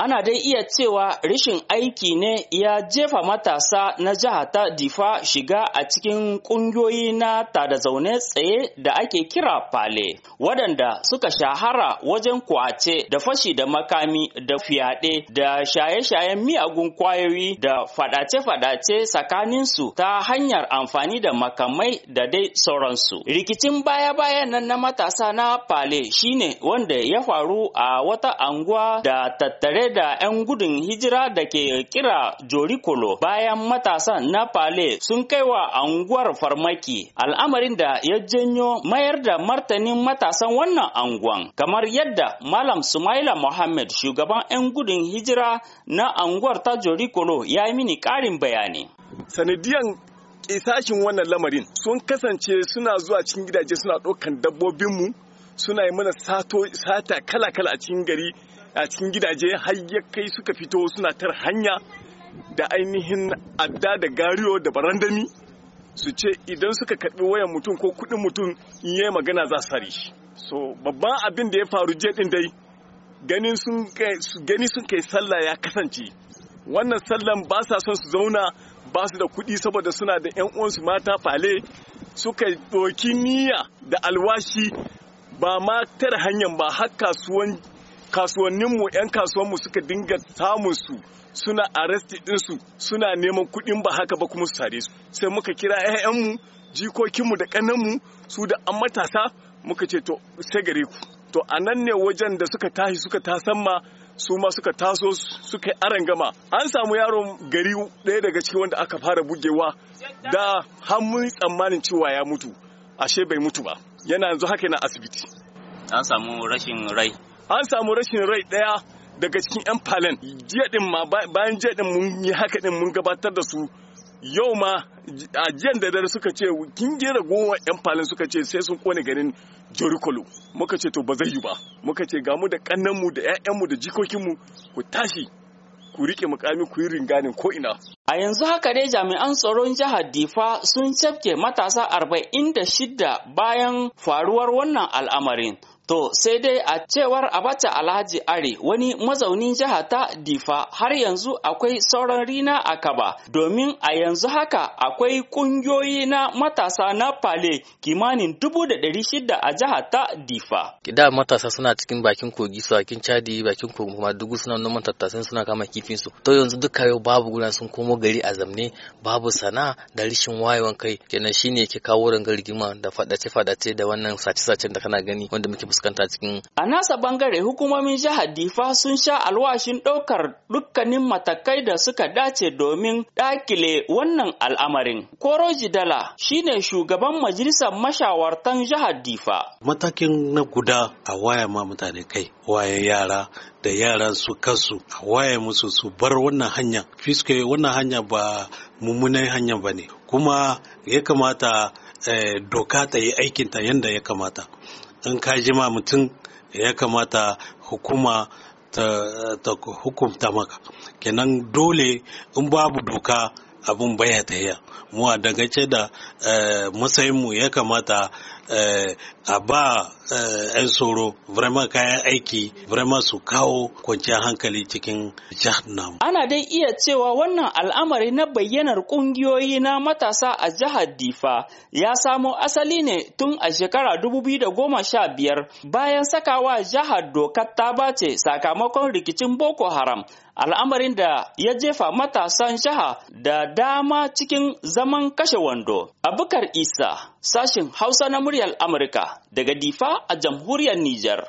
Ana dai iya cewa rashin aiki ne ya jefa matasa na jiha ta Difa shiga a cikin ƙungiyoyi na tada zaune tsaye da ake kira fale, waɗanda suka shahara wajen kwace da fashi da makami da fyaɗe da shaye-shayen miyagun kwayoyi da faɗace fadace tsakaninsu ta hanyar amfani da makamai da dai sauransu. Rikicin baya-bayan nan na matasa na pale shine wanda ya faru a wata anguwa da tattare da 'yan gudun hijira da ke kira Jorikolo bayan matasan na Pale sun kai wa anguwar farmaki al'amarin da ya janyo mayar da martanin matasan wannan anguwan kamar yadda Malam Sumaila Mohammed shugaban 'yan gudun hijira na anguwar ta Jorikolo ya yi mini ƙarin bayani. Sanadiyan sashin wannan lamarin sun kasance suna zuwa cikin gidaje suna ɗaukan dabbobinmu suna yi mana sata kala-kala a cikin gari a cikin gidaje har ya kai suka fito suna tar hanya da ainihin adda da gariyo da barandami su ce idan suka karbi wayan mutum ko kudin mutum in yi magana za su shi so babban abin da ya faru je ɗin dai gani sun kai sallah ya kasance wannan sallan ba sa son su zauna ba su da kuɗi saboda suna da 'yan uwansu mata fale suka doki niyya da alwashi ba ma tara hanyar ba har kasuwan kasuwanninmu 'yan kasuwanmu suka dinga samun su suna arasti ɗinsu suna neman kuɗin ba haka ba kuma su sare su sai muka kira 'ya'yanmu jikokinmu da ƙananmu su da an matasa muka ce to sai gare ku to a nan ne wajen da suka tashi suka tasamma su ma suka taso suka yi gama an samu yaron gari ɗaya daga cikin wanda aka fara bugewa da hannun tsammanin cewa ya mutu ashe bai mutu ba yana yanzu haka na asibiti an samu rashin rai an samu rashin rai ɗaya daga cikin 'yan palen jiya ma bayan jiya din mun yi haka din mun gabatar da su yau ma a jiyan da dare suka ce kin gera goma 'yan palen suka ce sai sun kone garin jorikolo muka ce to ba zai yi ba muka ce ga mu da kannanmu da 'ya'yanmu da jikokinmu ku tashi ku rike mukami ku yi ringanin ko ina. A yanzu haka dai jami'an tsaron jihar Difa sun cafke matasa 46 bayan faruwar wannan al'amarin. To sai dai a cewar Abacha Alhaji Are wani mazaunin jiha ta Difa har yanzu akwai sauran rina a kaba domin a yanzu haka akwai kungiyoyi na matasa na Pale kimanin dubu da ɗari shida a jiha ta Difa. Da matasa suna cikin bakin kogi su bakin cadi bakin kogi kuma dugu suna noman tattasin suna kama kifin su. To yanzu duka yau babu guna sun komo gari a zamne babu sana'a da rishin wayewan kai kenan shine ke kawo rangar girma da fadace fadace da wannan sace-sacen da kana gani wanda muke fuskanta cikin. A nasa bangare hukumomin jihar Difa sun sha alwashin ɗaukar dukkanin matakai da suka dace domin ɗakile wannan al'amarin. Koro Jidala shine shugaban majalisar mashawartan jihar Difa. Matakin na guda a waya ma mutane kai, waye yara da yaran su kansu a waye musu su bar wannan hanya. Fiske wannan hanya ba mummunan hanya ba ne, kuma ya kamata eh, doka ta yi aikinta yadda ya kamata. in ka jima mutum ya kamata hukuma ta, hukumta maka kenan dole in babu doka abin baya yi mu a dagace da eh, matsayinmu ya kamata Eh, a ba eh, 'yan tsoro vraiment kayan aiki vraiment su kawo kwanciyar hankali cikin jihar Ana dai iya cewa wannan al'amari na bayyanar kungiyoyi na matasa a jihar Difa ya samo asali ne tun a shekara 2015 bayan sakawa jihar dokar ta bace sakamakon rikicin Boko Haram. al'amarin da ya jefa matasan jiha da dama cikin zaman kashe wando. Abukar Isa, sashin Hausa na muryar Amurka daga Difa a jamhuriyar Nijar.